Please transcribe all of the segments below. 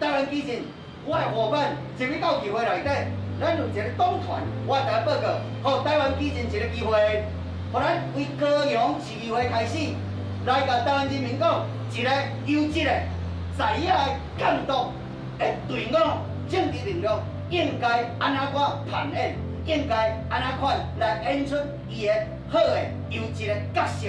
台灣基進，我誒夥伴，一個機會來底，咱有一個黨團，我來報告，好，台灣基進一個機會，互咱為高雄，從市議會開始，來甲台灣人民講，一個優質誒、在野來更多誒隊伍、政治力量，應該安怎我扮演，應該安怎看來演出伊誒好誒、優質誒角色。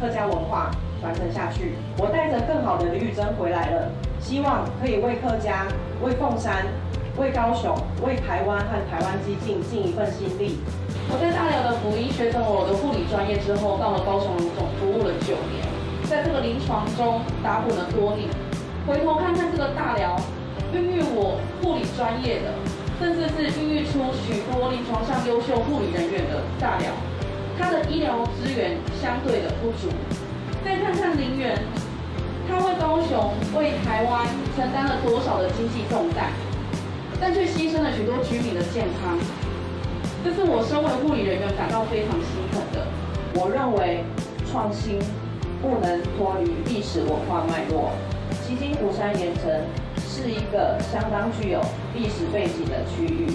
客家文化傳承下去，我帶着更好的李雨蓁回來了，希望可以為客家、為鳳山、為高雄、為台灣和台灣基進盡一份心力。我在大寮的輔英學成我的護理專業之後，到了高雄榮總服務了九年，在這個臨床中打滾了多年。回頭看看這個大寮，孕育我護理專業的，甚至是孕育出許多臨床上優秀護理人員的大寮。他的醫療資源相對的不足，再看看林園，他為高雄、為台灣承擔了多少的經濟重擔，但卻犧牲了許多居民的健康，這是我身為護理人員感到非常心疼的。我認為創新不能脫離歷史文化脈絡，旗津、鼓山、鹽埕是一個相當具有歷史背景的區域，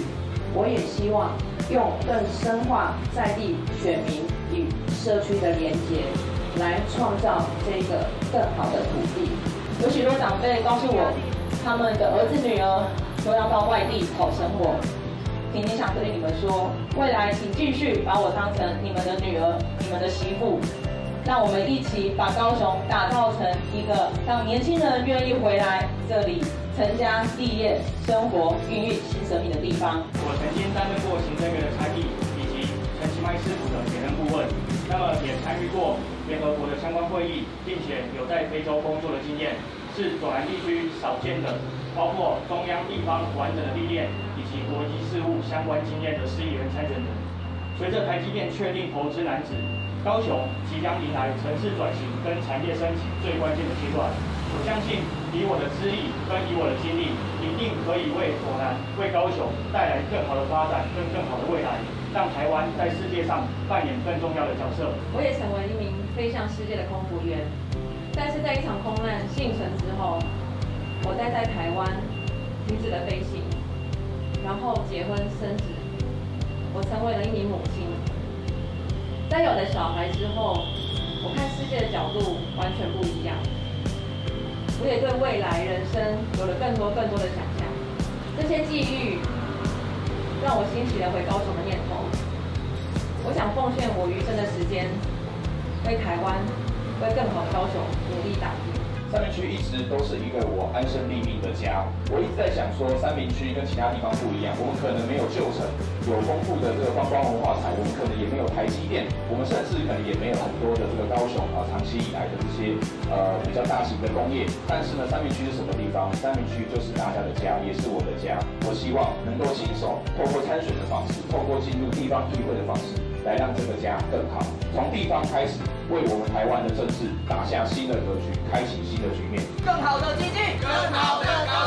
我也希望。用更深化在地選民與社區的連結，來創造這個更好的土地。有許多長輩告訴我，他們的兒子女兒都要到外地討生活。今天想對你們說，未來請繼續把我當成你們的女兒、你們的媳婦，讓我們一起把高雄打造成一個讓年輕人願意回來這裡成家立業、生活孕育新生命的地方。我曾經當。相關會議，並且有在非洲工作的經驗，是左楠地區少見的，包括中央地方完整的歷練以及國際事務相關經驗的市議員參選人。隨着台積電確定投資楠梓，高雄即將迎來城市轉型跟產業升級最關鍵的階段。我相信以我的資歷跟以我的經歷，一定可以為左楠、為高雄帶來更好的發展、跟更好的未來。讓台灣在世界上扮演更重要的角色。我也成為一名飛向世界的空服員，但是在一場空難倖存之後，我待在台灣，停止了飛行，然後結婚生子，我成為了一名母親。在有了小孩之後，我看世界的角度完全不一樣。我也對未來人生有了更多更多的想象。這些際遇讓我興起了回高雄的念頭。奉獻我餘生的時間，為台灣，為更好的高雄努力打拼。三民區一直都是一個我安身立命的家。我一直在想說，三民區跟其他地方不一樣。我們可能沒有舊城，有豐富的這個觀光文化，我們可能也沒有台積電，我們甚至可能也沒有很多的這個高雄啊，長期以來的這些呃比較大型的工業。但是呢，三民區是什麼地方？三民區就是大家的家，也是我的家。我希望能夠親手透過參選的方式，透過進入地方議會的方式，來讓這個家更好，從地方開始，為我們台灣的政治打下新的格局，開啟新的局面，更好的基進，更好的。